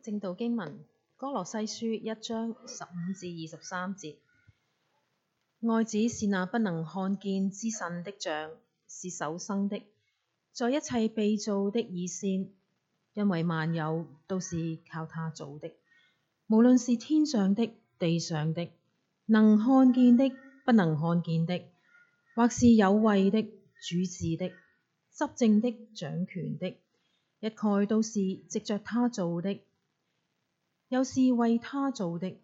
正道經文》《哥羅西書》一章十五至二十三節：愛子是那不能看見之神的像，是首生的，在一切被造的以先。因為萬有都是靠他做的，無論是天上的、地上的，能看見的、不能看見的，或是有位的、主治的、執政的、掌權的，一概都是藉著他做的，又是為他做的。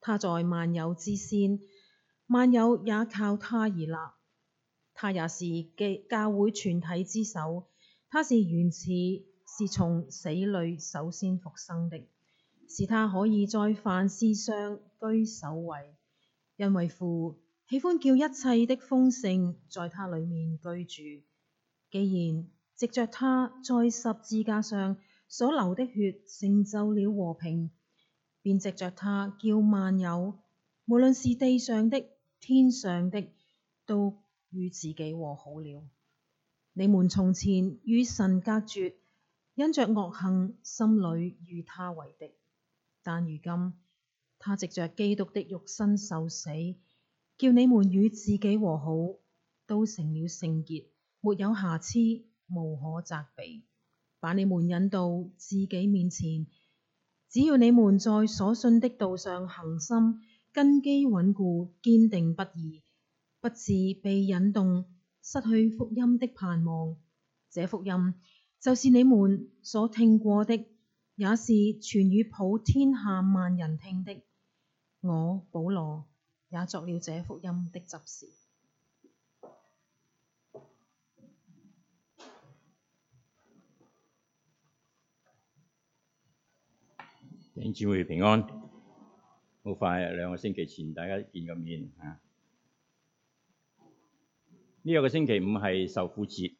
他在萬有之先，萬有也靠他而立。他也是教教會全體之首，他是原始。是從死裏首先復生的，是他可以在凡事上居首位，因為父喜歡叫一切的豐盛在他裏面居住。既然藉着他，在十字架上所流的血成就了和平，便藉着他叫萬有，無論是地上的、天上的，都與自己和好了。你們從前與神隔絕。因着惡行，心裏與他為敵。但如今，他藉着基督的肉身受死，叫你們與自己和好，都成了聖潔，沒有瑕疵，無可責備，把你們引到自己面前。只要你們在所信的道上恒心，根基穩固，堅定不移，不至被引動，失去福音的盼望。這福音。就是你們所聽過的，也是傳與普天下萬人聽的。我保羅也作了這福音的執事。弟兄姊妹平安，好快兩個星期前大家見個面嚇。呢，啊，一個星期五係受苦節。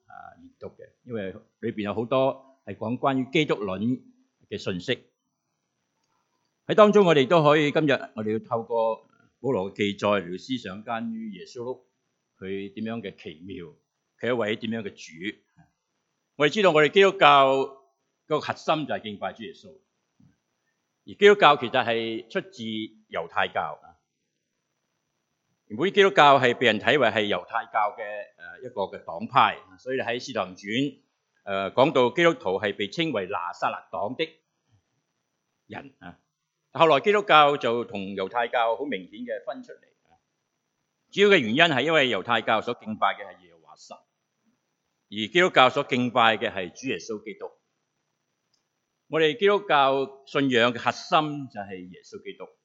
啊，閱讀嘅，因為裏邊有好多係講關於基督論嘅信息。喺當中，我哋都可以今日，我哋要透過保羅嘅記載嚟到思想關於耶穌基督佢點樣嘅奇妙，佢一位點樣嘅主。我哋知道，我哋基督教個核心就係敬拜主耶穌，而基督教其實係出自猶太教。每基督教係被人睇為係猶太教嘅誒一個嘅黨派，所以喺《使徒傳》誒講到基督徒係被稱為拿撒勒黨的人啊。後來基督教就同猶太教好明顯嘅分出嚟。主要嘅原因係因為猶太教所敬拜嘅係耶和華神，而基督教所敬拜嘅係主耶穌基督。我哋基督教信仰嘅核心就係耶穌基督。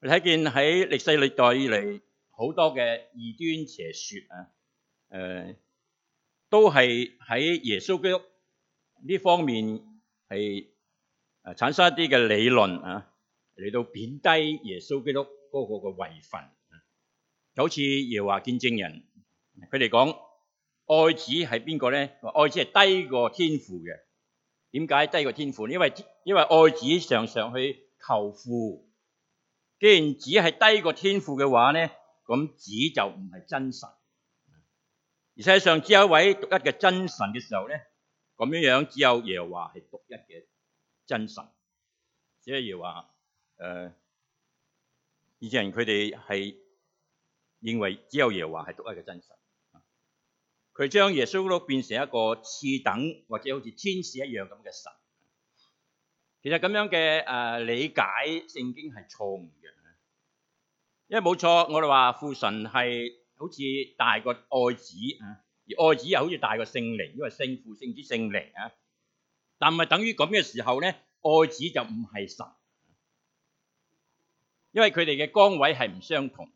你睇見喺歷世歷代以嚟，好多嘅異端邪說啊，誒、呃，都係喺耶穌基督呢方面係產生一啲嘅理論啊，嚟到貶低耶穌基督嗰個嘅位份。就好似耶華見證人，佢哋講，愛子係邊個咧？愛子係低過天父嘅。點解低過天父？因為因為愛子常常去求父。既然子係低過天父嘅話咧，咁子就唔係真神。而實際上只有一位獨一嘅真神嘅時候咧，咁樣樣只有耶和華係獨一嘅真神。只有耶和華誒、呃、以前人佢哋係認為只有耶和華係獨一嘅真神。佢將耶穌變成一個次等或者好似天使一樣咁嘅神。其實咁樣嘅誒理解，聖經係錯誤嘅，因為冇錯，我哋話父神係好似大過愛子啊，而愛子又好似大過聖靈，因為聖父、聖子、聖靈啊，但唔係等於咁嘅時候咧，愛子就唔係神，因為佢哋嘅崗位係唔相同，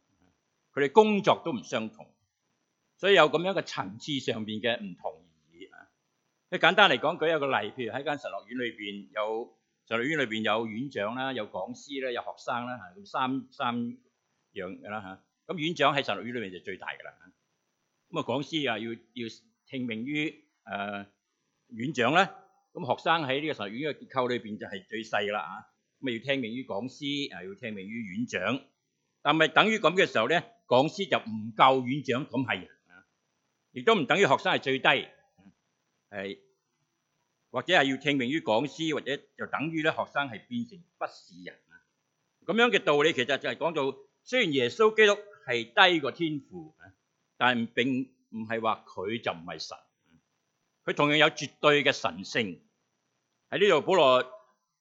佢哋工作都唔相同，所以有咁樣嘅層次上邊嘅唔同而已。啊。即簡單嚟講，舉一個例，譬如喺間神學院裏邊有。實驗院裏邊有院長啦，有講師啦，有學生啦，嚇咁三三樣噶啦嚇。咁、啊、院長喺實律院裏邊就最大噶啦嚇。咁啊講師啊要要聽命於誒院長咧。咁、啊嗯、學生喺呢個實律院嘅結構裏邊就係最細啦啊。咁啊要聽命於講師啊，要聽命於、啊、院長。但咪等於咁嘅時候咧，講師就唔夠院長咁係啊，亦都唔等於學生係最低。係。或者係要聽命於講師，或者就等於咧學生係變成不是人啊！咁樣嘅道理其實就係講到，雖然耶穌基督係低過天父啊，但並唔係話佢就唔係神，佢同樣有絕對嘅神性。喺呢度，保羅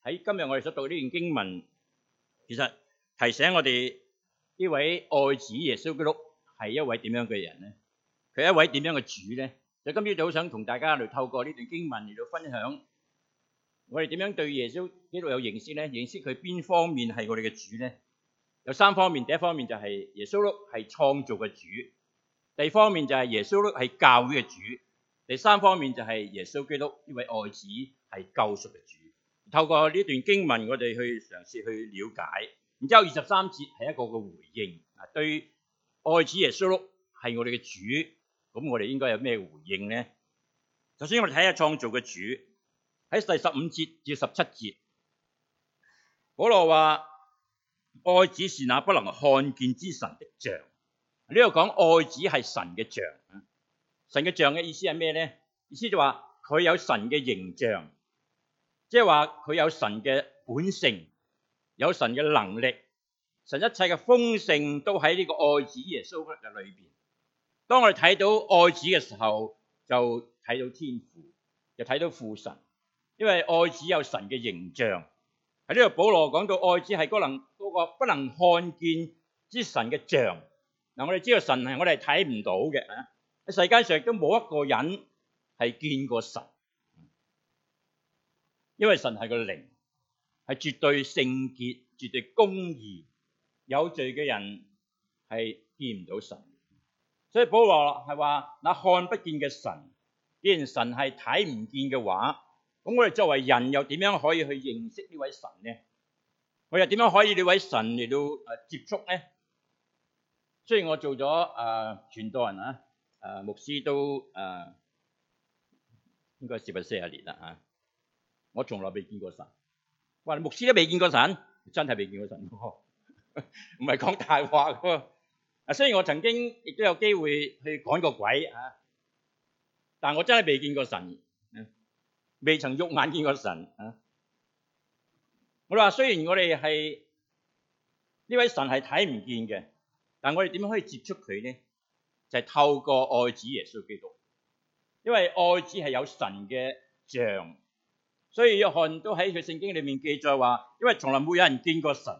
喺今日我哋所讀呢段經文，其實提醒我哋呢位愛子耶穌基督係一位點樣嘅人咧？佢一位點樣嘅主咧？就今朝早想同大家嚟透過呢段經文嚟到分享，我哋點樣對耶穌基督有認識咧？認識佢邊方面係我哋嘅主咧？有三方面，第一方面就係耶穌基督係創造嘅主，第二方面就係耶穌基督係教會嘅主，第三方面就係耶穌基督呢位愛子係救贖嘅主。透過呢段經文，我哋去嘗試去了解。然之後二十三節係一個嘅回應啊，對愛子耶穌基督係我哋嘅主。咁我哋應該有咩回應咧？首先我哋睇下創造嘅主。喺第十五節至十七節，保羅話愛子是那不能看見之神的像。呢度講愛子係神嘅像，神嘅像嘅意思係咩咧？意思就話佢有神嘅形象，即係話佢有神嘅本性，有神嘅能力，神一切嘅豐盛都喺呢個愛子耶穌嘅裏面。當我哋睇到愛子嘅時候，就睇到天父，又睇到父神，因為愛子有神嘅形象。喺呢度，保羅講到愛子係能嗰不能看見之神嘅像。嗱，我哋知道神係我哋睇唔到嘅，喺世界上亦都冇一個人係見過神，因為神係個靈，係絕對聖潔、絕對公義，有罪嘅人係見唔到神。所以保羅係話：嗱，看不見嘅神，既然神係睇唔見嘅話，咁我哋作為人又點樣可以去認識呢位神呢？我又點樣可以呢位神嚟到誒接觸呢？雖然我做咗誒、呃、傳道人啊，誒、呃、牧師都誒、呃，應該事奉四十年啦吓，我從來未見過神。話你牧師都未見過神，真係未見過神，唔係講大話啊！雖然我曾經亦都有機會去趕過鬼嚇、啊，但我真係未見過神，未、啊、曾肉眼見過神啊！我哋話：雖然我哋係呢位神係睇唔見嘅，但我哋點樣可以接觸佢咧？就係、是、透過愛子耶穌基督，因為愛子係有神嘅像，所以約翰都喺佢聖經裡面記載話：因為從來冇有人見過神，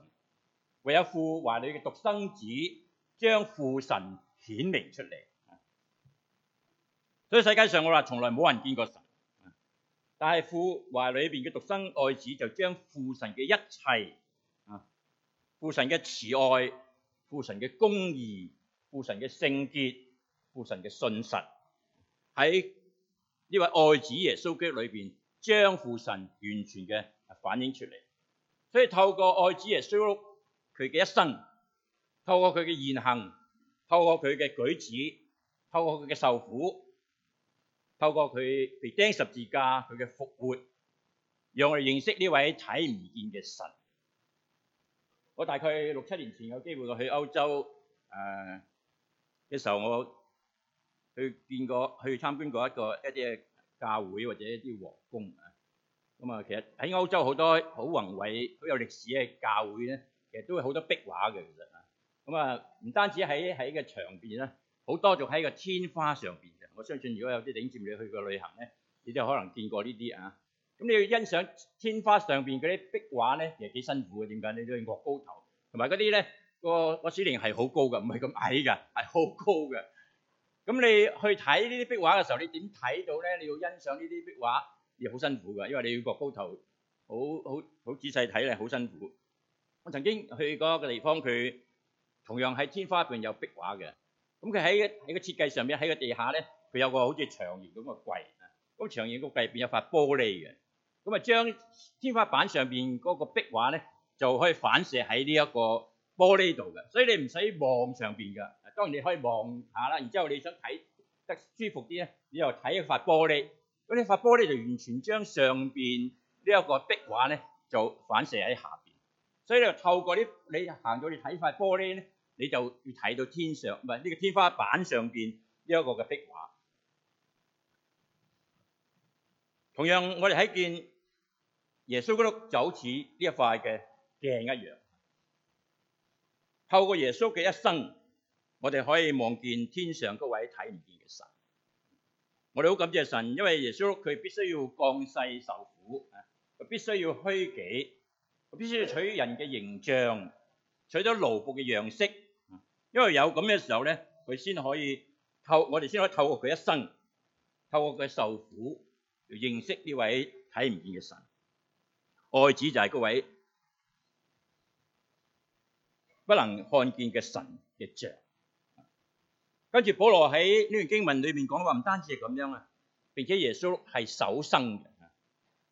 唯有父懷裏嘅獨生子。將父神顯明出嚟，所以世界上我話從來冇人見過神，但係父懷裏邊嘅獨生愛子就將父神嘅一切，啊，父神嘅慈愛、父神嘅公義、父神嘅聖潔、父神嘅信實，喺呢位愛子耶穌基督裏邊將父神完全嘅反映出嚟，所以透過愛子耶穌佢嘅一生。透過佢嘅言行，透過佢嘅舉止，透過佢嘅受苦，透過佢被釘十字架，佢嘅復活，讓我哋認識呢位睇唔見嘅神。我大概六七年前有機會去歐洲，誒、啊、嘅時候，我去見過，去參觀過一個一啲教會或者一啲皇宮啊。咁、嗯、啊，其實喺歐洲好多好宏偉、好有歷史嘅教會咧，其實都有好多壁畫嘅其實咁啊，唔單止喺喺個牆邊啦，好多仲喺個天花上邊嘅。我相信如果有啲影攝你去過旅行咧，你都有可能見過呢啲啊。咁你要欣賞天花上邊嗰啲壁畫咧，其實幾辛苦嘅。點解咧？你都要駁高頭，同埋嗰啲咧個個簾繩係好高嘅，唔係咁矮嘅，係好高嘅。咁你去睇呢啲壁畫嘅時候，你點睇到咧？你要欣賞呢啲壁畫，要好辛苦嘅，因為你要駁高頭，好好好仔細睇咧，好辛苦。我曾經去過個地方，佢，同樣喺天花板有壁畫嘅，咁佢喺喺個設計上面喺個地下咧，佢有個好似長形咁嘅櫃，咁長形個櫃入邊有塊玻璃嘅，咁啊將天花板上邊嗰個壁畫咧就可以反射喺呢一個玻璃度嘅，所以你唔使望上邊噶，當然你可以望下啦，然之後你想睇得舒服啲咧，你就睇一塊玻璃，咁呢塊玻璃就完全將上邊呢一個壁畫咧就反射喺下邊，所以你就透過啲你行到你睇塊玻璃咧。你就要睇到天上唔係呢個天花板上邊呢一個嘅壁畫。同樣我哋睇見耶穌基督就好似呢一塊嘅鏡一樣，透過耶穌嘅一生，我哋可以望見天上嗰位睇唔見嘅神。我哋好感謝神，因為耶穌佢必須要降世受苦，佢必須要虛己，佢必須要取人嘅形象。取咗奴僕嘅樣式，因為有咁嘅時候咧，佢先可以透，我哋先可以透過佢一生，透過佢受苦，認識呢位睇唔見嘅神。愛子就係嗰位不能看見嘅神嘅像。跟住，保羅喺呢段經文裏面講話，唔單止係咁樣啊！並且耶穌係首生嘅。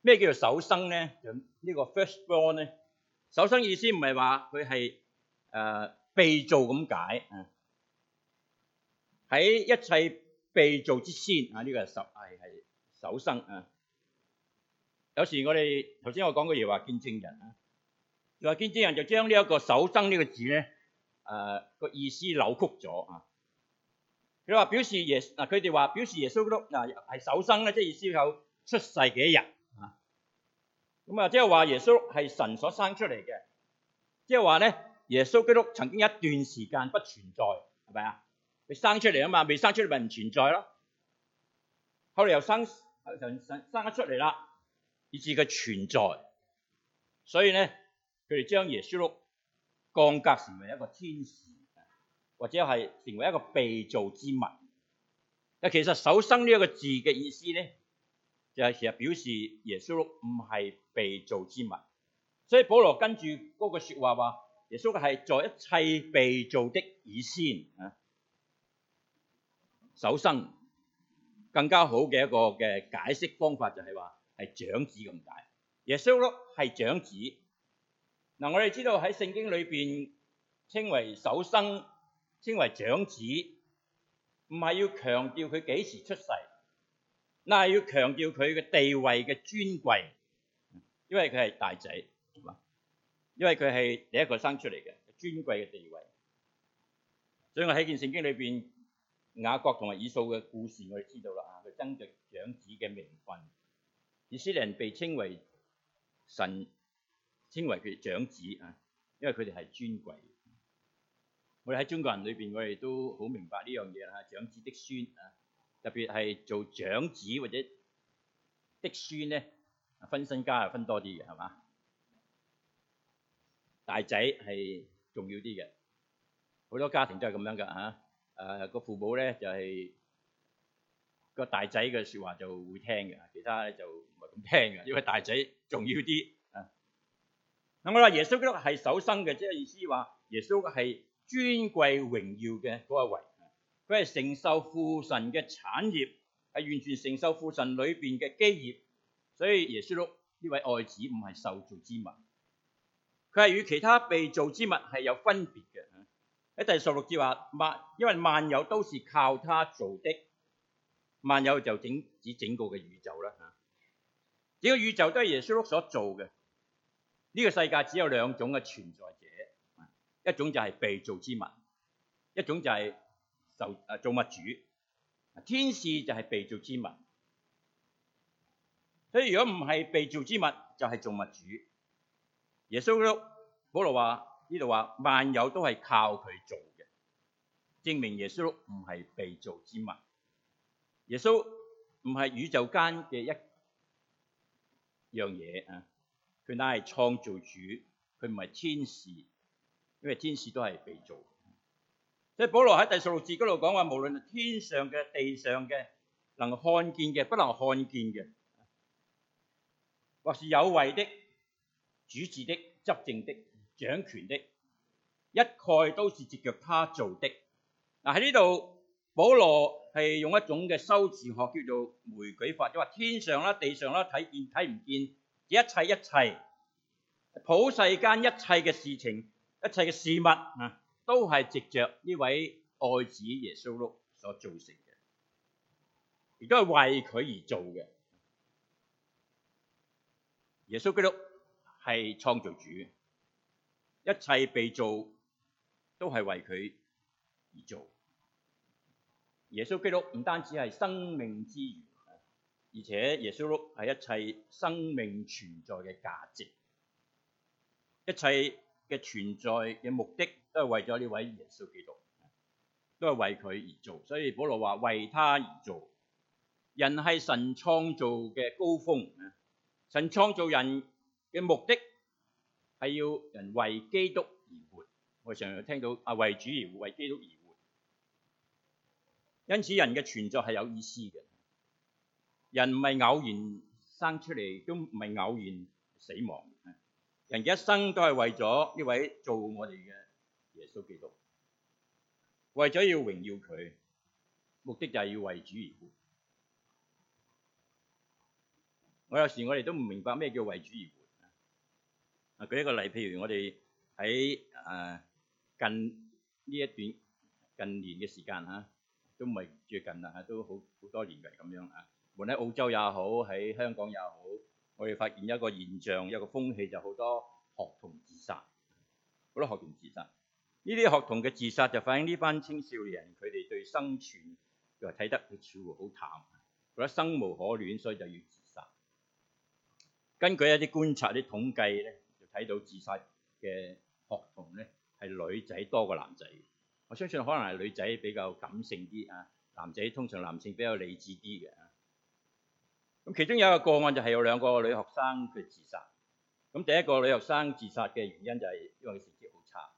咩叫做首生咧？就、這、呢個 firstborn 咧。首生意思唔係話佢係。誒、呃、被造咁解，喺一切被造之先啊，呢、這個實係首生啊。有時我哋頭先我講嘅嘢話見證人啊，你話見證人就將呢一個首生呢個字咧，誒、啊這個意思扭曲咗啊。你話表示耶穌嗱，佢哋話表示耶穌嗱係首生咧，即係意思是有出世嘅一日啊。咁啊，即係話耶穌係神所生出嚟嘅，即係話咧。耶穌基督曾經一段時間不存在，係咪啊？未生出嚟啊嘛，未生出嚟咪唔存在咯。後來又生，生咗出嚟啦，以至佢存在。所以咧，佢哋將耶穌降格成為一個天使或者係成為一個被造之物。啊，其實“首生”呢一個字嘅意思咧，就係其實表示耶穌基督唔係被造之物。所以保羅跟住嗰個說話話，耶穌嘅係在一切被造的以先啊，首生更加好嘅一個嘅解釋方法就係話係長子咁解。耶穌咯係長子。嗱我哋知道喺聖經裏邊稱為首生，稱為長子，唔係要強調佢幾時出世，嗱係要強調佢嘅地位嘅尊貴，因為佢係大仔。因為佢係第一個生出嚟嘅，尊貴嘅地位，所以我喺件聖經裏邊雅各同埋以掃嘅故事，我哋知道啦嚇，佢爭奪長子嘅名分。以色列人被稱為神，稱為佢長子啊，因為佢哋係尊貴。我哋喺中國人裏邊，我哋都好明白呢樣嘢啦嚇，長子嫡孫啊，特別係做長子或者嫡孫咧，分身家係分多啲嘅係嘛？是大仔係重要啲嘅，好多家庭都係咁樣㗎嚇。誒，個父母咧就係個大仔嘅説話就會聽嘅，其他咧就唔係咁聽嘅，因為大仔重要啲啊。咁我話耶穌基督係首生嘅，即係意思話耶穌係尊貴榮耀嘅嗰一位，佢係承受父神嘅產業，係完全承受父神裏邊嘅基業，所以耶穌基督呢位愛子唔係受造之物。佢係與其他被造之物係有分別嘅。喺第十六節話萬，因為萬有都是靠他做的。萬有就整指整個嘅宇宙啦。整個宇宙都係耶穌基督所做嘅。呢個世界只有兩種嘅存在者，一種就係被造之物，一種就係受造物主。天使就係被造之物，所以如果唔係被造之物，就係造物主。耶穌基督，保羅話呢度話萬有都係靠佢做嘅，證明耶穌唔係被造之物。耶穌唔係宇宙間嘅一樣嘢啊！佢乃係創造主，佢唔係天使，因為天使都係被造。所以保羅喺第十六節嗰度講話，無論天上嘅、地上嘅，能看見嘅、不能看見嘅，或是有為的。主治的、執政的、掌權的，一概都是藉著他做的。嗱，喺呢度，保羅係用一種嘅修辭學，叫做枚舉法，就話天上啦、啊、地上啦、啊，睇見、睇唔見，一切一切普世間一切嘅事情、一切嘅事物啊，都係藉着呢位愛子耶穌基督所造成嘅，亦都係為佢而做嘅，耶穌基督。係創造主，一切被做都係為佢而做。耶穌基督唔單止係生命之源，而且耶穌基督係一切生命存在嘅價值，一切嘅存在嘅目的都係為咗呢位耶穌基督，都係為佢而做。所以保羅話，為他而做。人係神創造嘅高峰，神創造人。嘅目的係要人為基督而活，我常有聽到啊，為主而活，為基督而活。因此人嘅存在係有意思嘅，人唔係偶然生出嚟，都唔係偶然死亡。人嘅一生都係為咗呢位做我哋嘅耶穌基督，為咗要榮耀佢，目的就係要為主而活。我有時我哋都唔明白咩叫為主而活。啊，舉一個例，譬如我哋喺誒近呢一段近年嘅時間嚇、啊，都唔係最近啦嚇，都好好多年嚟咁樣嚇。無論喺澳洲也好，喺香港也好，我哋發現一個現象，一個風氣就好多學童自殺。好多學童自殺，呢啲學童嘅自殺就反映呢班青少年佢哋對生存佢話睇得佢似乎好淡，覺得生無可戀，所以就要自殺。根據一啲觀察、啲統計咧。睇到自殺嘅學童咧，係女仔多過男仔。我相信可能係女仔比較感性啲啊，男仔通常男性比較理智啲嘅。咁其中有一個個案就係有兩個女學生佢自殺。咁第一個女學生自殺嘅原因就係因為佢成績好差，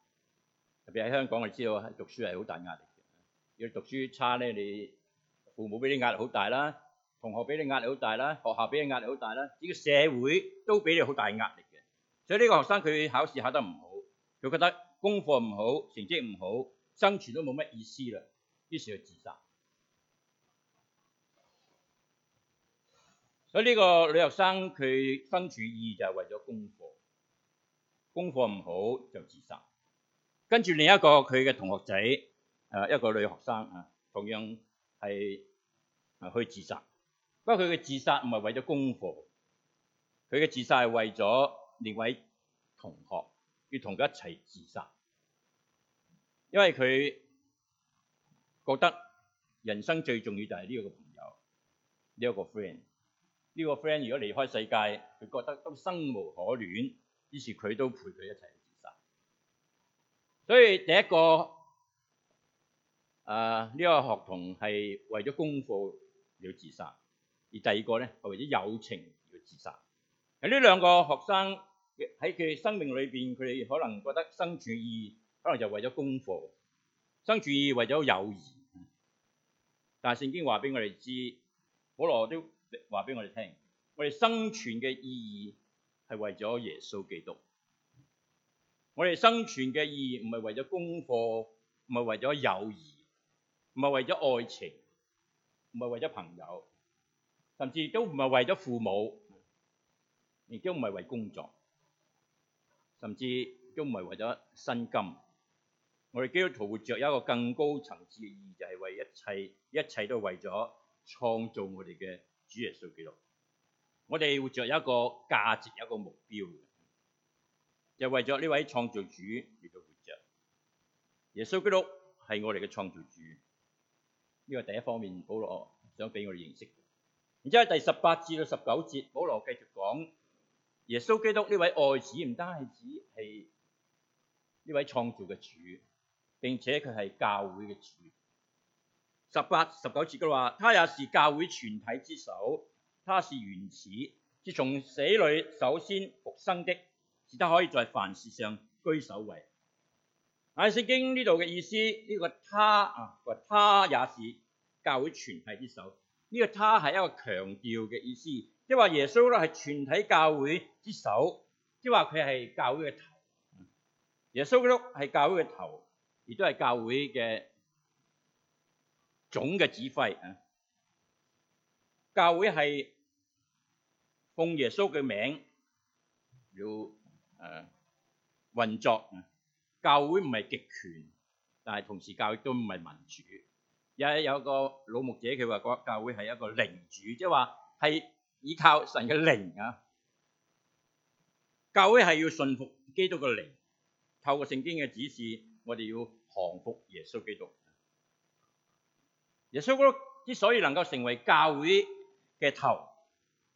特別喺香港你知道讀書係好大壓力嘅。要讀書差咧，你父母俾你壓力好大啦，同學俾你壓力好大啦，學校俾你壓力好大啦，只要社會都俾你好大壓力。所以呢個學生佢考試考得唔好，佢覺得功課唔好，成績唔好，生存都冇乜意思啦，於是就自殺。所以呢個女學生佢身處意就係為咗功課，功課唔好就自殺。跟住另一個佢嘅同學仔，誒，一個女學生啊，同樣係誒去自殺。不過佢嘅自殺唔係為咗功課，佢嘅自殺係為咗。呢位同學要同佢一齊自殺，因為佢覺得人生最重要就係呢個朋友，呢個 friend，呢個 friend 如果離開世界，佢覺得都生無可戀，於是佢都陪佢一齊自殺。所以第一個，誒，呢個學童係為咗功課要自殺，而第二個咧係為咗友情要自殺。喺呢兩個學生。喺佢哋生命裏邊，佢哋可能覺得生存意義可能就為咗功課，生存意義為咗友誼。但係聖經話俾我哋知，保羅都話俾我哋聽：我哋生存嘅意義係為咗耶穌基督。我哋生存嘅意義唔係為咗功課，唔係為咗友誼，唔係為咗愛情，唔係為咗朋友，甚至亦都唔係為咗父母，亦都唔係為工作。甚至都唔係為咗薪金，我哋基督徒活着有一個更高層次嘅意義，就係為一切，一切都係為咗創造我哋嘅主耶穌基督。我哋活着有一個價值，有一個目標就係為咗呢位創造主而都活着。耶穌基督係我哋嘅創造主，呢個第一方面，保羅想俾我哋認識。然之後第十八至到十九節，保羅繼續講。耶穌基督呢位愛子唔單止指係呢位創造嘅主，並且佢係教會嘅主。十八、十九節嘅話，他也是教會全體之首，他是原始，自從死裏首先復生的，使他可以在凡事上居首位。喺聖經呢度嘅意思，呢、這個他啊話他也是教會全體之首，呢、這個他係一個強調嘅意思。即話耶穌咧係全體教會之首，即係話佢係教會嘅頭。耶穌嗰碌係教會嘅頭，亦都係教會嘅總嘅指揮。教會係奉耶穌嘅名要誒運作。教會唔係極權，但係同時教會都唔係民主。有有個老牧者佢話講，教會係一個靈主，即係話係。依靠神嘅靈啊，教會係要信服基督嘅靈，透過聖經嘅指示，我哋要降服耶穌基督。耶穌基督之所以能夠成為教會嘅頭，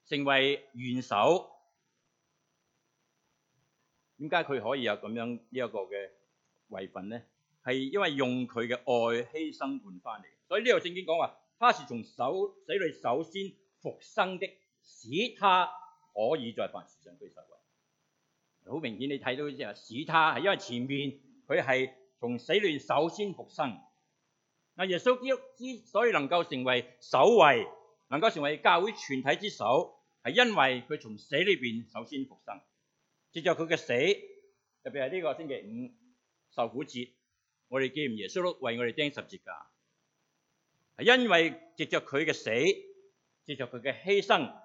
成為元首，點解佢可以有咁樣的呢一個嘅位份咧？係因為用佢嘅愛犧牲換翻嚟。所以呢個聖經講話，他是從死裡首先復生的。使他可以在凡事上居首位，好明顯你睇到即係使他係因為前面佢係從死裏首先復生。嗱，耶穌基督之所以能夠成為首位，能夠成為教會全體之首，係因為佢從死裏邊首先復生。借着佢嘅死，特別係呢個星期五受苦節，我哋紀念耶穌基督為我哋釘十字架，係因為借着佢嘅死，借着佢嘅犧牲。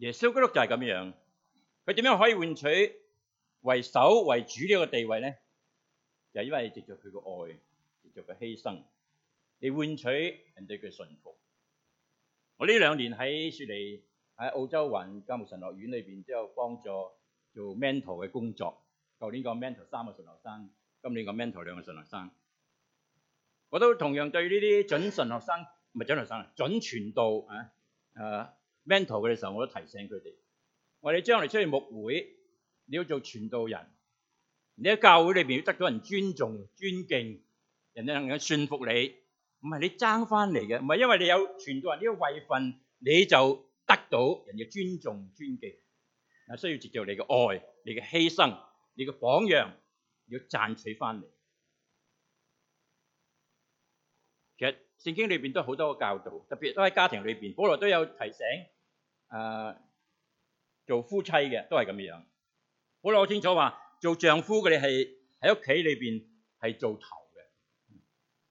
耶穌基督就係咁樣，佢點樣可以換取為首為主呢個地位咧？就係因為藉著佢個愛，藉著佢犧牲，嚟換取人哋嘅信服。我呢兩年喺雪梨喺澳洲環教牧神學院裏邊都有幫助做 mentor 嘅工作。舊年個 mentor 三個神學生，今年個 mentor 兩個神學生，我都同樣對呢啲準神學生唔係準學生，準傳道啊啊！mentor 佢哋嘅時候，我都提醒佢哋：，我哋將來出去牧會，你要做傳道人，你喺教會裏邊要得到人尊重、尊敬，人哋能夠信服你，唔係你爭翻嚟嘅，唔係因為你有傳道人呢個位份，你就得到人嘅尊重、尊敬，啊，需要藉著你嘅愛、你嘅犧牲、你嘅榜樣，要賺取翻嚟。其實聖經裏邊都好多個教導，特別都喺家庭裏邊，保羅都有提醒。誒、uh, 做夫妻嘅都係咁樣，好啦，我清楚話做丈夫嘅你係喺屋企裏邊係做頭嘅，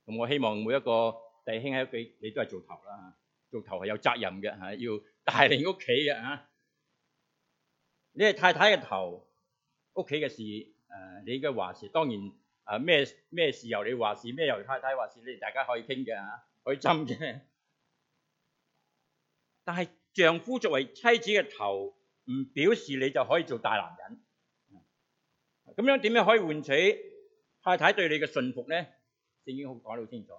咁、嗯、我希望每一個弟兄喺屋企你都係做頭啦、啊，做頭係有責任嘅嚇，啊，要帶領屋企嘅嚇。你係太太嘅頭，屋企嘅事誒、啊，你應該話事，當然誒咩咩事由你話事，咩由太太話事，你哋大家可以傾嘅嚇，可以斟嘅， 但係。丈夫作為妻子嘅頭，唔表示你就可以做大男人。咁樣點樣可以換取太太對你嘅信服咧？聖經好講得好清楚，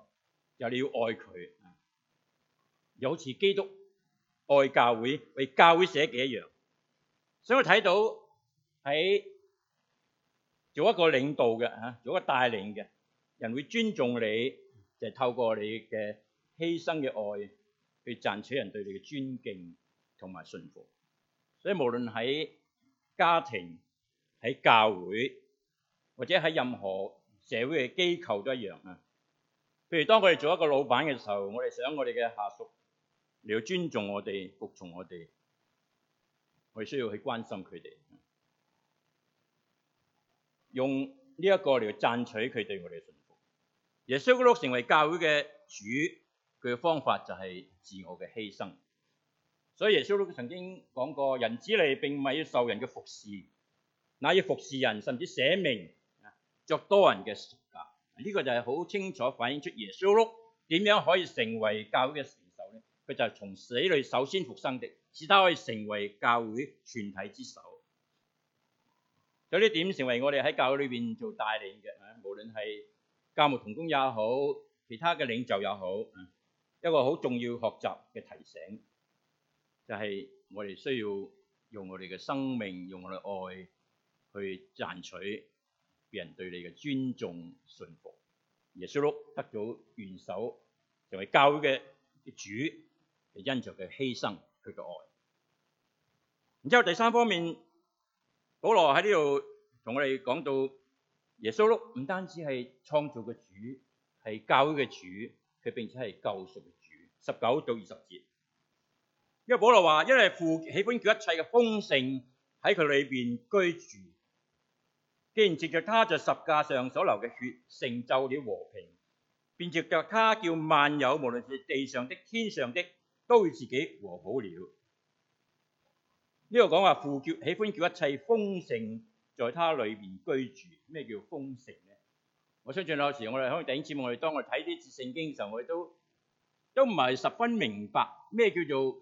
就你要愛佢，又好似基督愛教會為教會捨己一樣。所以我睇到喺做一個領導嘅嚇，做一個帶領嘅人會尊重你，就係透過你嘅犧牲嘅愛。去賺取人對你嘅尊敬同埋信服，所以無論喺家庭、喺教會或者喺任何社會嘅機構都一樣啊。譬如當我哋做一個老闆嘅時候，我哋想我哋嘅下屬嚟要尊重我哋、服從我哋，我哋需要去關心佢哋，用呢一個嚟賺取佢對我哋嘅信服。耶穌基督成為教會嘅主。佢嘅方法就係自我嘅犧牲，所以耶穌基督曾經講過：人子嚟並唔係要受人嘅服事，乃要服事人，甚至捨命，作多人嘅贖價。呢個就係好清楚反映出耶穌基督點樣可以成為教會嘅元首咧。佢就係從死裏首先復生的，使他可以成為教會全體之首。有呢點成為我哋喺教會裏邊做帶領嘅，無論係教牧同工也好，其他嘅領袖也好。一個好重要學習嘅提醒，就係、是、我哋需要用我哋嘅生命，用我哋愛去賺取別人對你嘅尊重、信服。耶穌基督得到元首，成為教會嘅主，係因着佢犧牲佢嘅愛。然之後第三方面，保羅喺呢度同我哋講到，耶穌基督唔單止係創造嘅主，係教會嘅主。佢並且係救贖嘅主，十九到二十節。因為保羅話：因為父喜歡叫一切嘅豐盛喺佢裏邊居住。既然藉着他在十架上所流嘅血成就了和平，便藉著他叫萬有，無論是地上的、天上的，都與自己和好了。呢個講話父叫喜歡叫一切豐盛在他裏邊居住。咩叫豐盛？我相信有時我哋喺電影節目，我哋當我睇呢啲聖經嘅時候我，我哋都都唔係十分明白咩叫做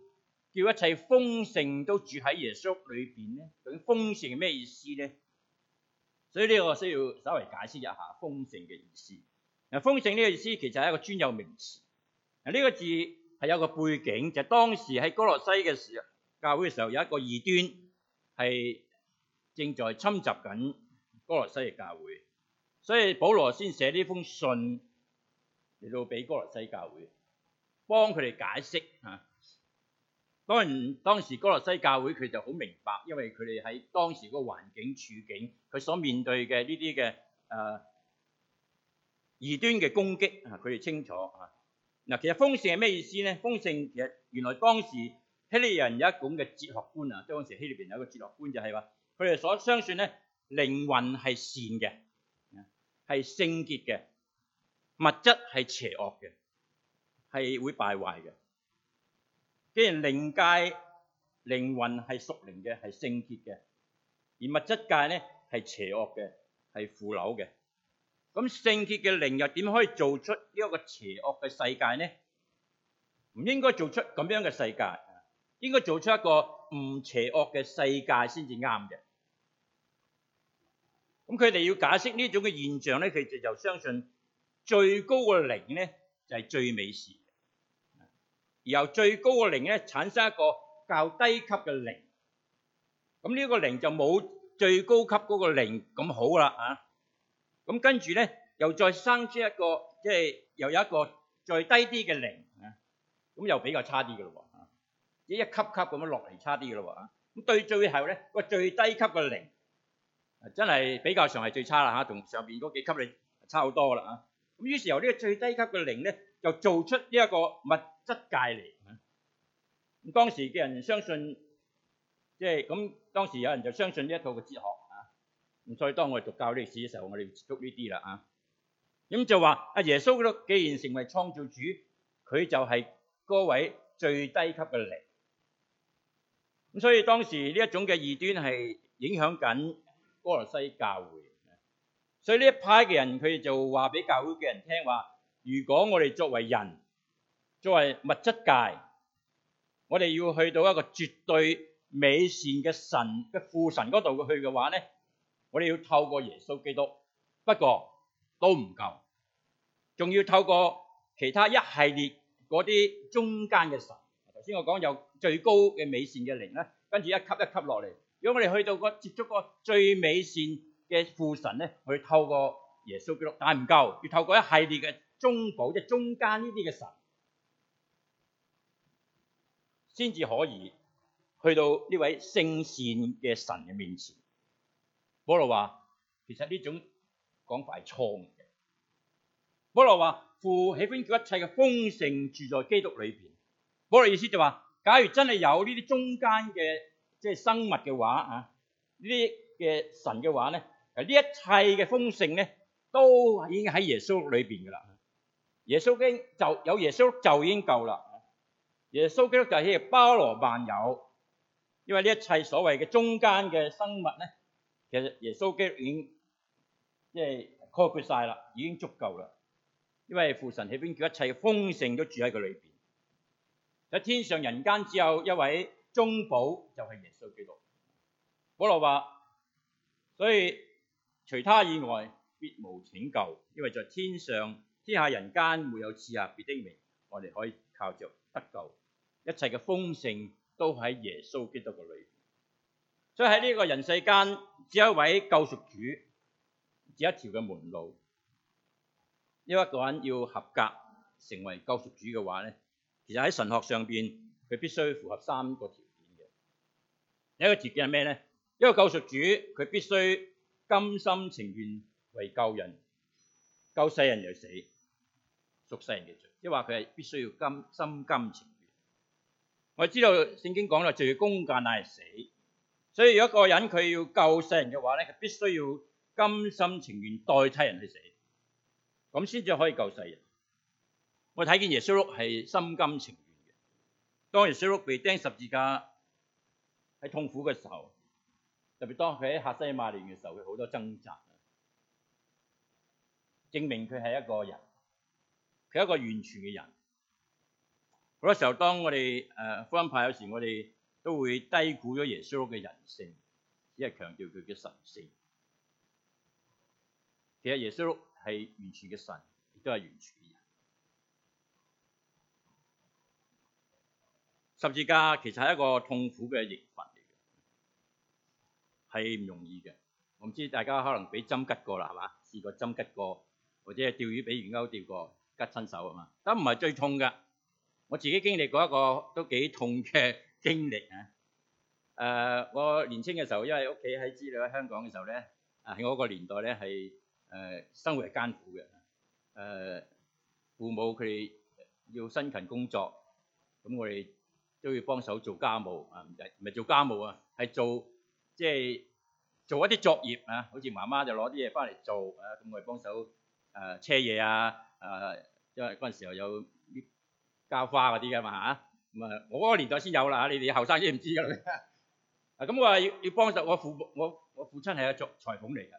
叫一切豐盛都住喺耶穌裏邊咧。究竟「豐盛」係咩意思咧？所以呢個需要稍微解釋一下豐盛嘅意思。嗱，豐盛呢個意思其實係一個專有名詞。嗱，呢個字係有個背景，就係、係、當時喺哥羅西嘅時教會嘅時候，時候有一個異端係正在侵襲緊哥羅西嘅教會。所以保羅先寫呢封信嚟到俾哥羅西教會，幫佢哋解釋嚇。當、啊、然當時哥羅西教會佢就好明白，因為佢哋喺當時嗰個環境處境，佢所面對嘅呢啲嘅誒異端嘅攻擊，佢哋清楚嚇。嗱、啊，其實封聖係咩意思咧？封聖其實原來當時希臘人有一個咁嘅哲學觀啊，即係當時希臘邊有一個哲學觀就係、是、話，佢哋所相信咧靈魂係善嘅。係聖潔嘅，物質係邪惡嘅，係會敗壞嘅。既然靈界靈魂係屬靈嘅，係聖潔嘅，而物質界咧係邪惡嘅，係腐朽嘅。咁聖潔嘅靈又點可以做出呢一個邪惡嘅世界咧？唔應該做出咁樣嘅世界，應該做出一個唔邪惡嘅世界先至啱嘅。咁佢哋要解釋呢種嘅現象咧，其實就相信最高嘅零咧就係、是、最美事，然後最高嘅零咧產生一個較低級嘅零，咁、這、呢個零就冇最高級嗰個零咁好啦，咁跟住咧又再生出一個即係、就是、又有一個再低啲嘅零，咁、啊、又比較差啲嘅咯喎，一級級咁樣落嚟差啲嘅咯喎，咁對最後咧個最低級嘅零。真係比較上係最差啦嚇，同上邊嗰幾級你差好多啦嚇。咁於是由呢個最低級嘅零咧，就做出呢一個物質界嚟。咁當時嘅人相信，即係咁當時有人就相信呢一套嘅哲學啊。咁所以當我哋讀教歷史嘅時候，我哋接觸呢啲啦啊。咁就話阿耶穌都既然成為創造主，佢就係嗰位最低級嘅零。咁所以當時呢一種嘅異端係影響緊。波羅西教會，所以呢一派嘅人佢哋就話俾教會嘅人聽話：如果我哋作為人，作為物質界，我哋要去到一個絕對美善嘅神嘅父神嗰度去嘅話咧，我哋要透過耶穌基督，不過都唔夠，仲要透過其他一系列嗰啲中間嘅神。頭先我講有最高嘅美善嘅靈咧，跟住一級一級落嚟。如果我哋去到個接觸個最尾線嘅父神咧，去透過耶穌基督，但係唔夠，要透過一系列嘅中保，即係中間呢啲嘅神，先至可以去到呢位聖善嘅神嘅面前。保羅話：其實呢種講法係錯嘅。保羅話：父喜歡叫一切嘅豐盛住在基督裏邊。保羅意思就話、是：假如真係有呢啲中間嘅。即係生物嘅話啊，呢啲嘅神嘅話咧，啊呢一切嘅豐盛咧，都已經喺耶穌裏邊噶啦。耶穌經就有耶穌就已經夠啦。耶穌基督就係包羅萬有，因為呢一切所謂嘅中間嘅生物咧，其實耶穌基督已經即係 cover 曬啦，已經足夠啦。因為父神喺邊，叫一切豐盛都住喺佢裏邊。喺天上人間只有一位。中保就係耶穌基督，保羅話，所以除他以外，必無拯救，因為在天上、天下人間沒有賜下別的名。我哋可以靠着得救，一切嘅豐盛都喺耶穌基督嘅裏。所以喺呢個人世間，只有一位救贖主，只一條嘅門路。呢一個人要合格成為救贖主嘅話咧，其實喺神學上邊，佢必須符合三個條。有一個條件係咩咧？一個救贖主佢必須甘心情願為救人、救世人而死，贖世人嘅罪，即係話佢係必須要甘心甘情願。我知道聖經講啦，罪要工價乃係死，所以如果一個人佢要救世人嘅話咧，佢必須要甘心情願代替人去死，咁先至可以救世人。我睇見耶穌基督係心甘情願嘅，當耶穌基督被釘十字架。喺痛苦嘅時候，特別當佢喺客西馬尼嘅時候，佢好多掙扎，證明佢係一個人，佢係一個完全嘅人。好多時候，當我哋誒、啊、福音派有時，我哋都會低估咗耶穌嘅人性，只係強調佢嘅神性。其實耶穌係完全嘅神，亦都係完全嘅人。十字架其實係一個痛苦嘅刑罰嚟嘅，係唔容易嘅。我唔知大家可能俾針吉過啦，係嘛？試過針吉過，或者係釣魚俾魚鈎釣過，吉親手啊嘛。咁唔係最痛嘅。我自己經歷過一個都幾痛嘅經歷啊。誒，我年輕嘅時候，因為屋企喺資料喺香港嘅時候咧，啊喺我個年代咧係誒生活係艱苦嘅。誒，父母佢哋要辛勤工作，咁我哋。都要幫手做家務啊，唔係唔係做家務啊，係做即係做一啲作業啊，好似媽媽就攞啲嘢翻嚟做啊，咁我哋幫手誒車嘢啊，誒因為嗰陣時候有膠花嗰啲㗎嘛嚇，咁啊我嗰個年代先有啦嚇，你哋後生先唔知㗎啦。啊咁我話要要幫手，我父我我父親係個作裁縫嚟嘅，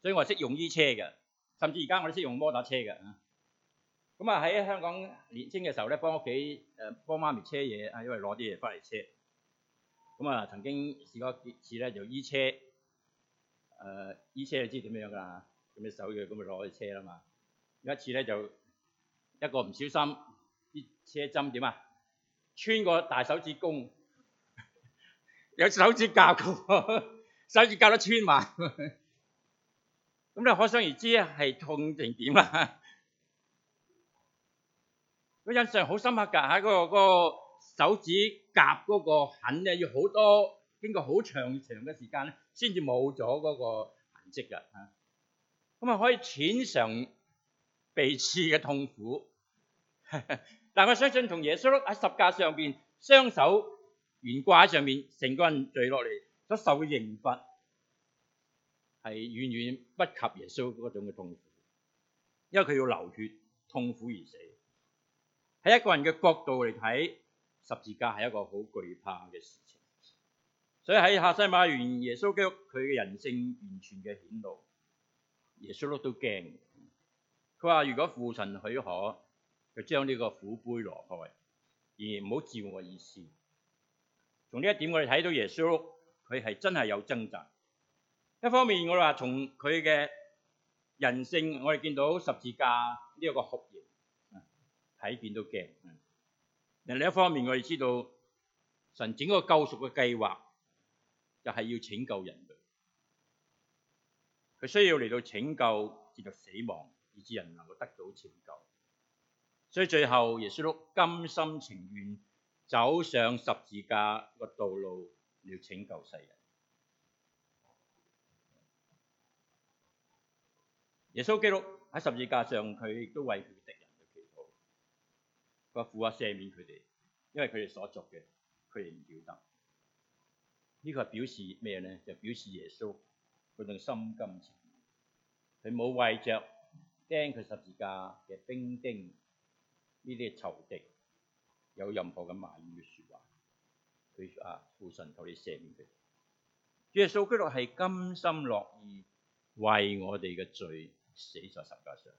所以我係識用衣車嘅，甚至而家我都識用摩托車㗎啊。咁啊喺香港年青嘅時候咧，幫屋企誒幫媽咪車嘢啊，因為攞啲嘢翻嚟車。咁、嗯、啊曾經試過幾次咧，就醫車誒、呃、醫車你知點樣㗎？啦。咁你手嘅咁咪攞去車啦嘛。有一次咧就一個唔小心啲車針點啊穿過大手指公， 有手指夾嘅， 手指夾得穿埋。咁 你可想而知咧係痛定點啊！佢印象好深刻㗎，喺嗰個嗰個手指夾嗰個痕咧，要好多經過好長長嘅時間咧，先至冇咗嗰個痕跡吓，咁啊，可以淺嘗被刺嘅痛苦。 但係我相信，同耶穌喺十架上邊雙手懸掛喺上面，成個人墜落嚟所受嘅刑罰，係遠遠不及耶穌嗰種嘅痛苦，因為佢要流血痛苦而死。喺一個人嘅角度嚟睇，十字架係一個好懼怕嘅事情。所以喺下西馬園耶穌基督佢嘅人性完全嘅顯露，耶穌基督都驚。佢話：如果父神許可，就將呢個苦杯攞開，而唔好照我意思。從呢一點，我哋睇到耶穌基督佢係真係有掙扎。一方面，我哋話從佢嘅人性，我哋見到十字架呢一個酷刑。睇見都驚。嗱，另一方面，我哋知道神整個救贖嘅計劃，就係要拯救人類。佢需要嚟到拯救至到死亡，以致人能夠得到拯救。所以最後耶穌基督甘心情願走上十字架個道路，要拯救世人。耶穌基督喺十字架上，佢亦都為佢哋。個父啊，赦免佢哋，因為佢哋所作嘅，佢哋唔曉得。呢、這個係表示咩咧？就表示耶穌佢哋心甘情願，佢冇為着驚佢十字架嘅兵丁、呢啲仇敵有任何嘅罵嘅說話，佢啊，父神求你赦免佢。耶穌基督係甘心樂意為我哋嘅罪死在十字架上，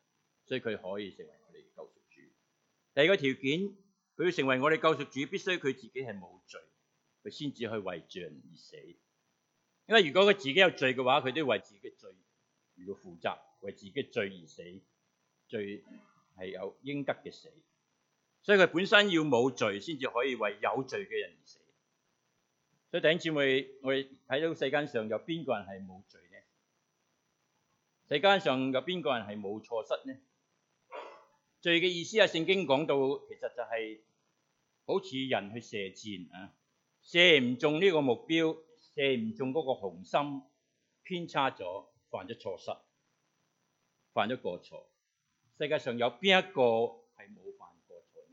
所以佢可以成為我哋救主。第二個條件，佢要成為我哋救贖主，必須佢自己係冇罪，佢先至去為罪人而死。因為如果佢自己有罪嘅話，佢都要為自己罪要負責，為自己的罪而死，罪係有應得嘅死。所以佢本身要冇罪，先至可以為有罪嘅人而死。所以弟兄姊妹，我我哋睇到世間上有邊個人係冇罪咧？世間上有邊個人係冇錯失呢？罪嘅意思啊，聖經講到其實就係好似人去射箭啊，射唔中呢個目標，射唔中嗰個紅心，偏差咗，犯咗錯失，犯咗過錯。世界上有邊一個係冇犯過錯？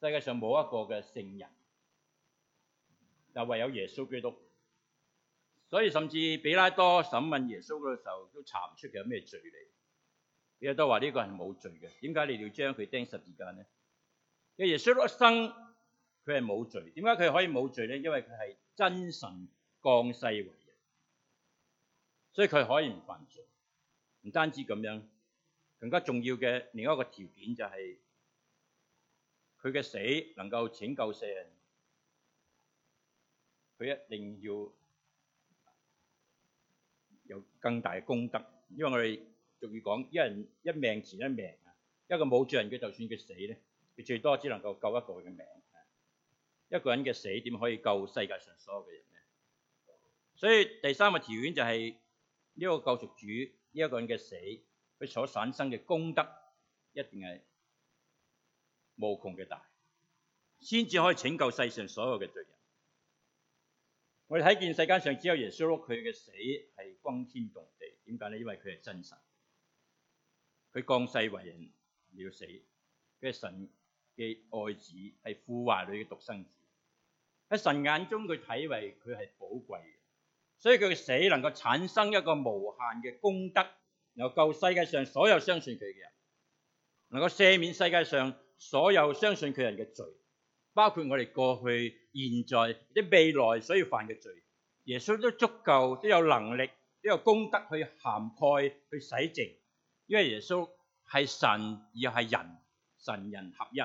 世界上冇一個嘅聖人，但唯有耶穌基督。所以甚至比拉多審問耶穌嘅時候都查唔出佢有咩罪嚟。彼得都話呢個係冇罪嘅，點解你要將佢釘十字架呢？因耶穌一生佢係冇罪，點解佢可以冇罪呢？因為佢係真神降世為人，所以佢可以唔犯罪。唔單止咁樣，更加重要嘅另一個條件就係佢嘅死能夠拯救世人，佢一定要有更大嘅功德，因為我哋。仲要講：一人一命，賤一命啊！一個冇罪人嘅就算佢死咧，佢最多只能夠救一個佢嘅命。一個人嘅死點可以救世界上所有嘅人咧？所以第三個條件就係呢個救贖主，呢一個人嘅死，佢所產生嘅功德一定係無窮嘅大，先至可以拯救世上所有嘅罪人。我哋睇見世界上只有耶穌，佢嘅死係轟天動地。點解咧？因為佢係真神。佢降世為人，要死，佢係神嘅愛子，係父懷裡嘅獨生子，喺神眼中佢睇為佢係寶貴嘅，所以佢嘅死能夠產生一個無限嘅功德，又救世界上所有相信佢嘅人，能夠赦免世界上所有相信佢人嘅罪，包括我哋過去、現在或者未來所要犯嘅罪，耶穌都足夠，都有能力，都有功德去涵蓋去洗淨。因為耶穌係神又係人，神人合一，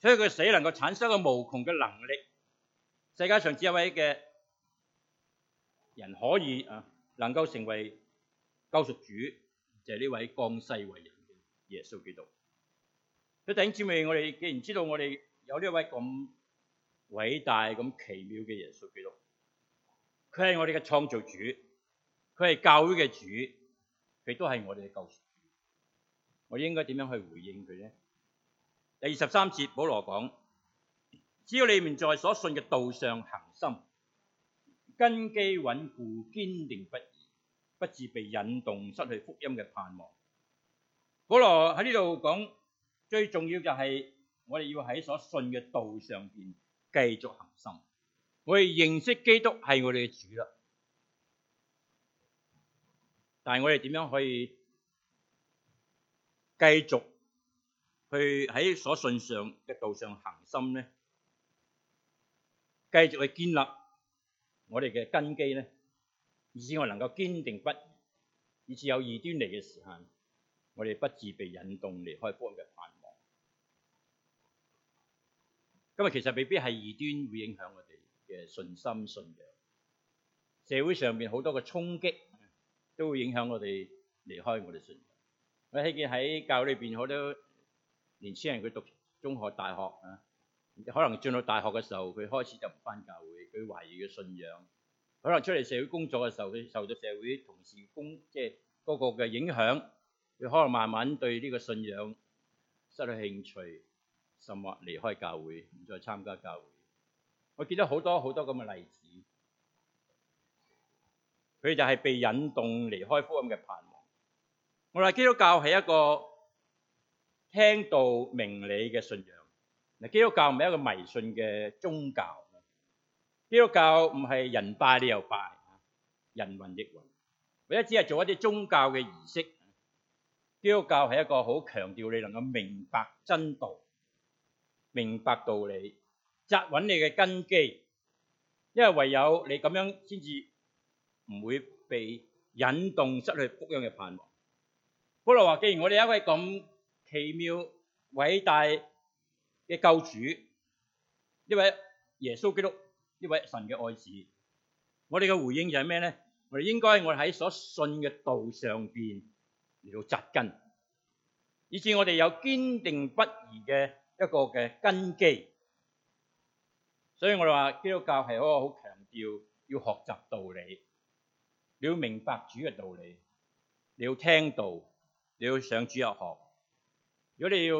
所以佢死能夠產生個無窮嘅能力。世界上只有一位嘅人可以啊，能夠成為救贖主，就係、是、呢位降世為人嘅耶穌基督。所以弟兄姊妹，我哋既然知道我哋有呢位咁偉大咁奇妙嘅耶穌基督，佢係我哋嘅創造主，佢係教會嘅主。佢都係我哋嘅救主，我應該點樣去回應佢咧？第二十三節，保羅講：只要你們在所信嘅道上恆心，根基穩固，堅定不移，不致被引動，失去福音嘅盼望。保羅喺呢度講，最重要就係我哋要喺所信嘅道上面繼續恆心，我哋認識基督係我哋嘅主啦。但係我哋點樣可以繼續去喺所信上嘅道上行深呢？繼續去建立我哋嘅根基呢？以至我能夠堅定不移，以至有異端嚟嘅時候，我哋不至被引動離開福音嘅盼望。今日其實未必係異端會影響我哋嘅信心信仰，社會上面好多嘅衝擊。都會影響我哋離開我哋信仰。我喺見喺教裏邊好多年輕人，佢讀中學、大學啊，可能進到大學嘅時候，佢開始就唔返教會，佢懷疑嘅信仰，可能出嚟社會工作嘅時候，佢受到社會同事工即係嗰個嘅影響，佢可能慢慢對呢個信仰失去興趣，甚或離開教會，唔再參加教會。我見到好多好多咁嘅例子。佢就係被引動離開福音嘅盼望。我話基督教係一個聽道明理嘅信仰。嗱，基督教唔係一個迷信嘅宗教。基督教唔係人拜你又拜啊，人云亦云。或者只係做一啲宗教嘅儀式。基督教係一個好強調你能夠明白真道、明白道理、紮穩你嘅根基，因為唯有你咁樣先至。唔會被引動，失去福音嘅盼望。保羅話：既然我哋有一位咁奇妙、偉大嘅救主，呢位耶穌基督，呢位神嘅愛子，我哋嘅回應就係咩咧？我哋應該我哋喺所信嘅道上邊嚟到紮根，以至我哋有堅定不移嘅一個嘅根基。所以我哋話基督教係個好強調要學習道理。你要明白主嘅道理，你要聽道，你要上主日學。如果你要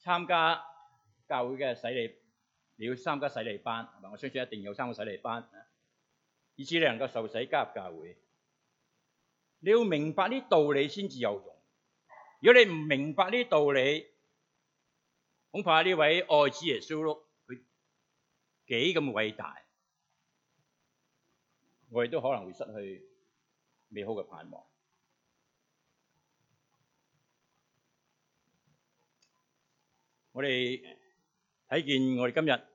參加教會嘅洗禮，你要參加洗禮班，我相信一定有三個洗禮班，以至你能夠受洗加入教會。你要明白呢道理先至有用。如果你唔明白呢道理，恐怕呢位愛子耶穌，佢幾咁偉大。我哋都可能會失去美好嘅盼望。我哋睇見我哋今日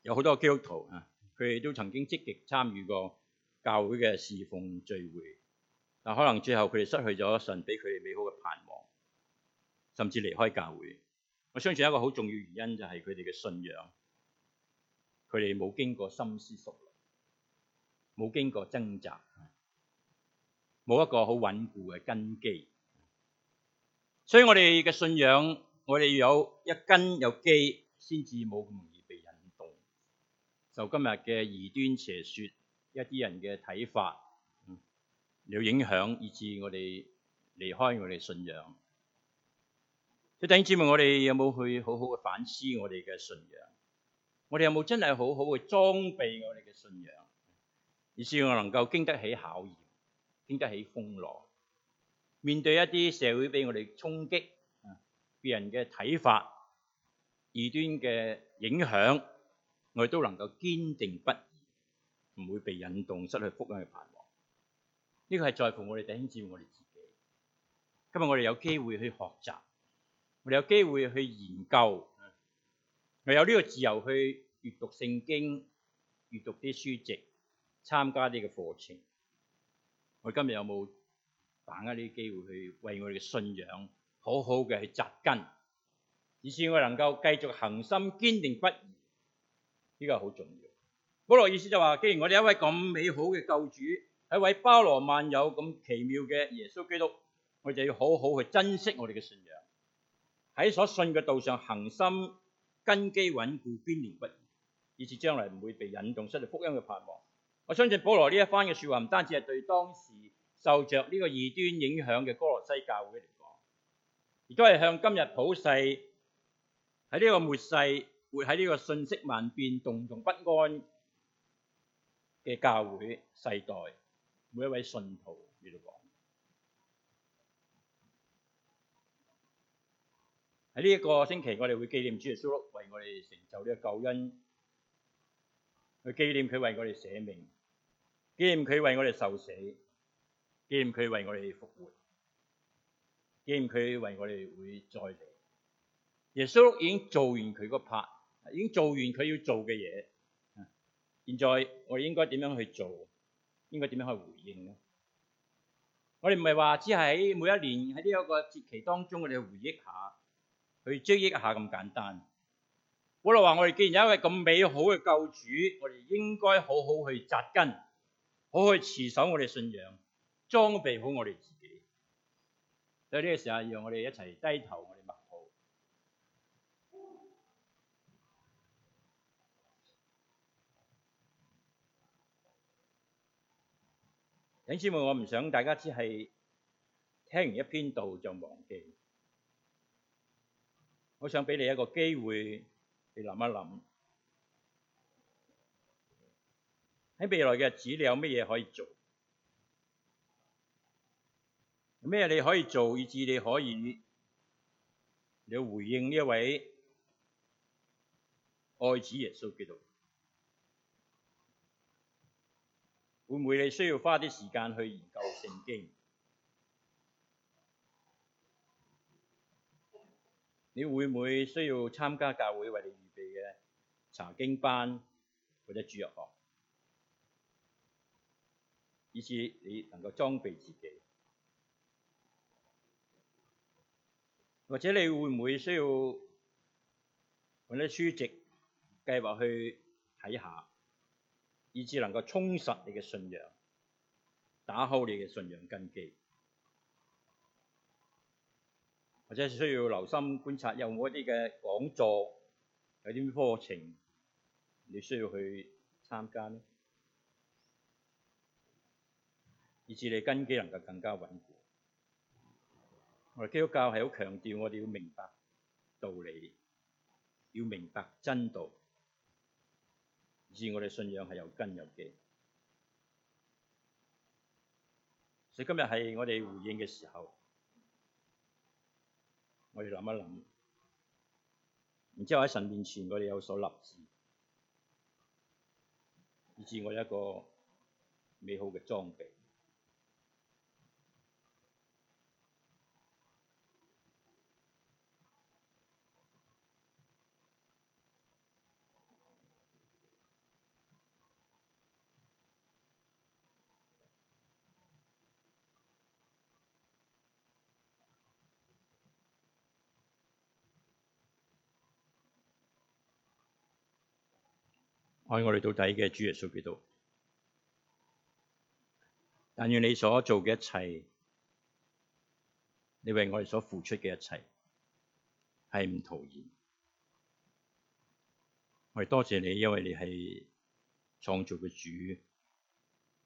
有好多基督徒啊，佢哋都曾經積極參與過教會嘅侍奉聚會，但可能最後佢哋失去咗神俾佢哋美好嘅盼望，甚至離開教會。我相信一個好重要原因就係佢哋嘅信仰，佢哋冇經過深思熟慮。冇經過掙扎，冇一個好穩固嘅根基，所以我哋嘅信仰，我哋要有一根有基，先至冇咁容易被引動引導，受今日嘅異端邪說，一啲人嘅睇法，有影響以致我哋離開我哋信仰。就等於問，我哋有冇去好好嘅反思我哋嘅信仰？我哋有冇真係好好去裝備我哋嘅信仰？而使我能夠經得起考驗，經得起風浪，面對一啲社會俾我哋衝擊，啊，別人嘅睇法、異端嘅影響，我哋都能夠堅定不移，唔會被引動，失去福音嘅盼望。呢個係在乎我哋頂住，我哋自己。今日我哋有機會去學習，我哋有機會去研究，我有呢個自由去閲讀聖經、閲讀啲書籍。參加呢個課程，我今日有冇把握呢啲機會去為我哋嘅信仰好好嘅去扎根，以致我能夠繼續恒心堅定不移，呢個好重要。保羅意思就話，既然我哋一位咁美好嘅救主，係一位包羅萬有咁奇妙嘅耶穌基督，我就要好好去珍惜我哋嘅信仰，喺所信嘅道上恒心，根基穩固，堅定不移，以至將來唔會被引動失去福音嘅盼望。我相信保羅呢一番嘅説話，唔單止係對當時受著呢個異端影響嘅哥羅西教會嚟講，亦都係向今日普世喺呢個末世，活喺呢個信息萬變、動盪不安嘅教會世代每一位信徒嚟到講。喺呢一個星期，我哋會紀念主耶穌基督為我哋成就呢個救恩。去紀念佢為我哋捨命，紀念佢為我哋受死，紀念佢為我哋復活，紀念佢為我哋會再嚟。耶穌已經做完佢個 part，已經做完佢要做嘅嘢。現在我哋應該點樣去做？應該點樣去回應咧？我哋唔係話只係喺每一年喺呢一個節期當中，我哋回憶下，去追憶下咁簡單。我哋話：我哋既然有一位咁美好嘅救主，我哋應該好好去紮根，好好去持守我哋信仰，裝備好我哋自己。喺呢個時候，讓我哋一齊低頭我的，我哋默禱。弟兄姊妹，我唔想大家只係聽完一篇道就忘記，我想俾你一個機會。你諗一諗喺未來嘅日子，你有乜嘢可以做？咩你可以做，以致你可以你回應呢一位愛子耶穌基督？會唔會你需要花啲時間去研究聖經？你會唔會需要參加教會為你嘅查經班或者主日學，以致你能夠裝備自己，或者你會唔會需要揾啲書籍計劃去睇下？以致能夠充實你嘅信仰，打好你嘅信仰根基，或者需要留心觀察有冇一啲嘅講座。有啲咩課程你需要去參加咧，以至你根基能夠更加穩固。我哋基督教係好強調，我哋要明白道理，要明白真道，以至我哋信仰係有根有基。所以今日係我哋回應嘅時候，我哋諗一諗。然之後喺神面前，我哋有所立志，以致我有一個美好嘅裝備。愛我哋到底嘅主耶穌基督，但願你所做嘅一切，你為我哋所付出嘅一切係唔徒然。我哋多謝你，因為你係創造嘅主，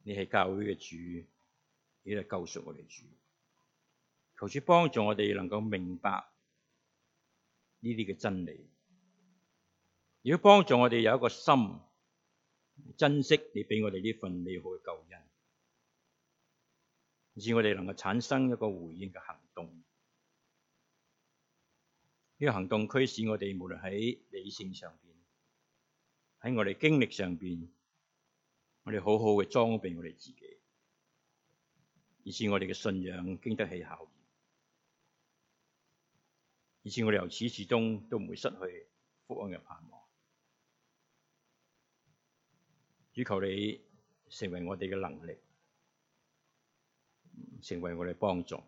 你係教會嘅主，你係救贖我哋主。求主幫助我哋能夠明白呢啲嘅真理，如果幫助我哋有一個心。珍惜你俾我哋呢份美好嘅救恩，使我哋能夠產生一個回應嘅行動。呢、這個行動驅使我哋無論喺理性上邊，喺我哋經歷上邊，我哋好好嘅裝備我哋自己，以致我哋嘅信仰經得起考驗，以致我哋由始至終都唔會失去福音嘅盼望。只求你成為我哋嘅能力，成為我哋幫助，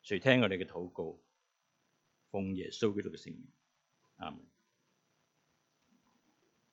垂聽我哋嘅禱告，奉耶穌基督嘅聖名，阿門。